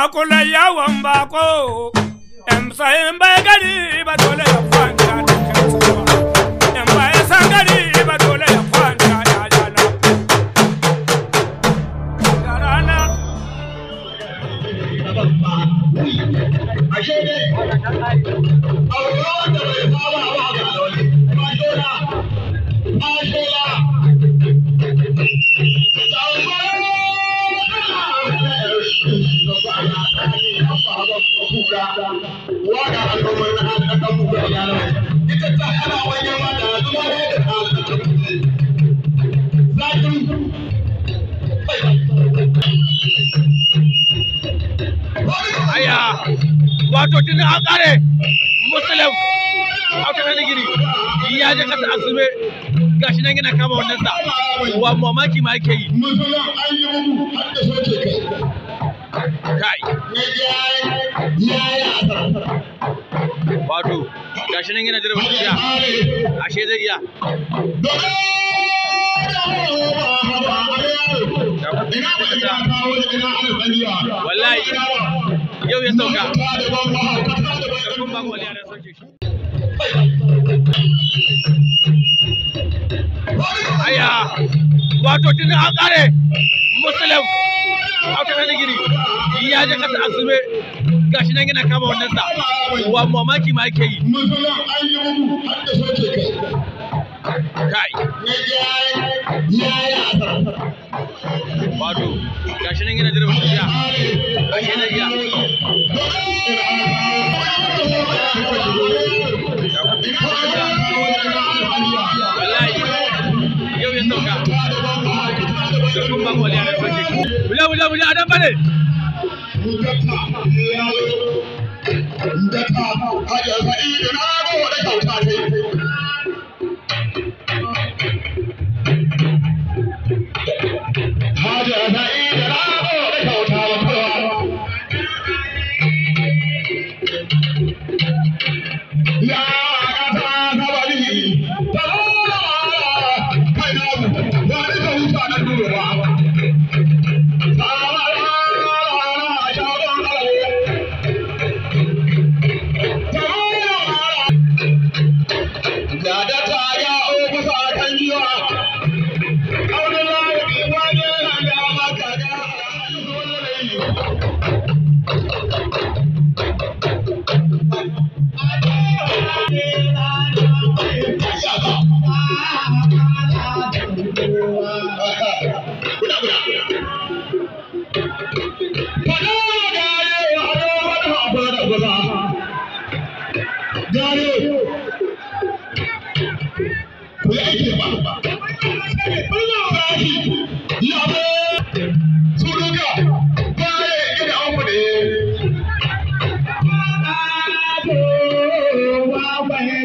makula yawan bako yan sayin bai gari ba dole ya kwanta cikin sama yan bai san gari ba dole ya kwanta ya jana da rana ashe ne a bai fara kuka waka a kan wani hali a kan kuka ya rai ita ta ana wani ma da zuma ne da ta hali a kan kuka zakin aya wato tuni an kare musulun auta na digiri ya je kasa asube gashi nan yana kama wannan sa wa mamaki ma yake yi musulun an yi mugu har da soke kai kai wato gashi nan yana jirgin tafiya ashe zai iya wallahi yau ya sauka aya wato tun an kare musulun auta na gini, ya je kasa asume gashi nan yana kama wannan sa wa mamaki ma yake yi kai wato gashi nan yana jirgin tafiya gashi yana iya Bula bula bula adam bane. Da kyauta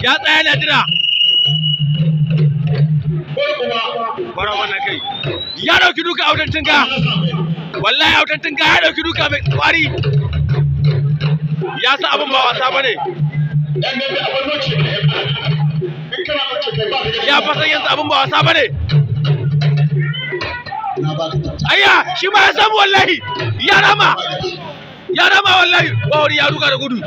ya tsaya na jira barawa na kai ya ɗauki duka a wajen tinka wallahi a wajen ya ɗauki duka mai kwari ya sa abin ba wasa ne. ya fasa yanzu abin ba wasa bane ayya shi ma ya samu wallahi ya rama ya rama wallahi ba wani ya ruga da gudu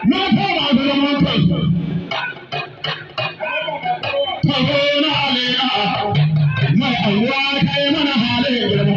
mata ba su zaman na alina mai abuwa mana halin girma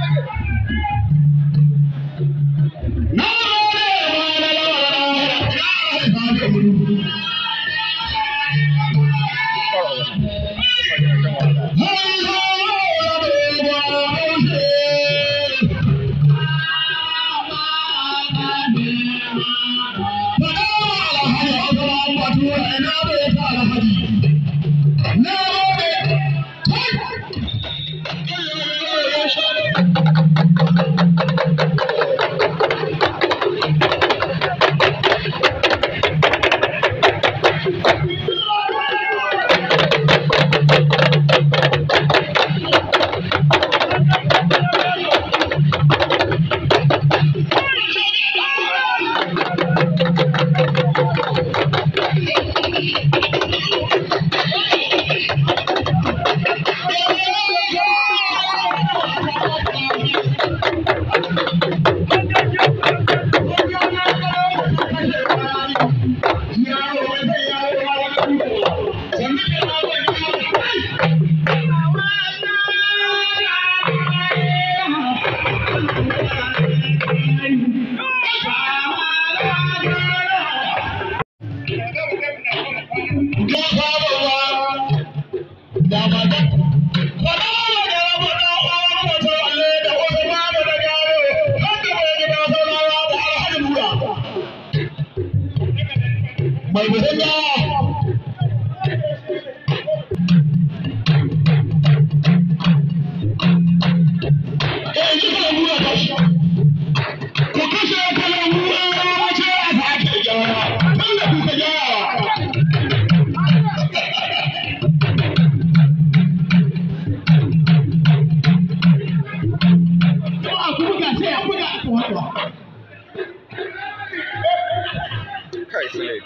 balik.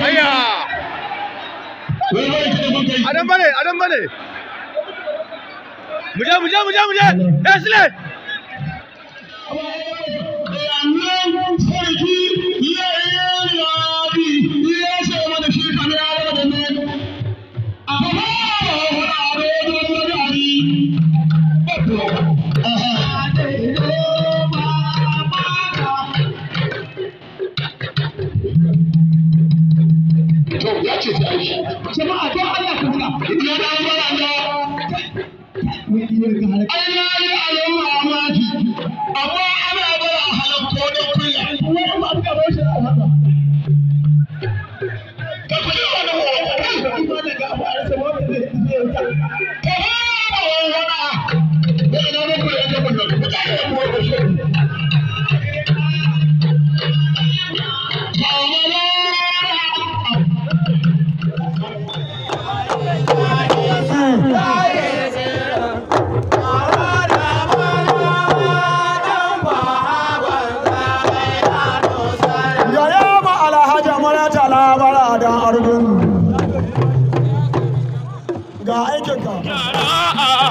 Ayah. Adam balik, Adam balik. Mujam, mujam, mujam, mujam. Excellent. Eh,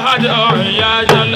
hajj oh, ya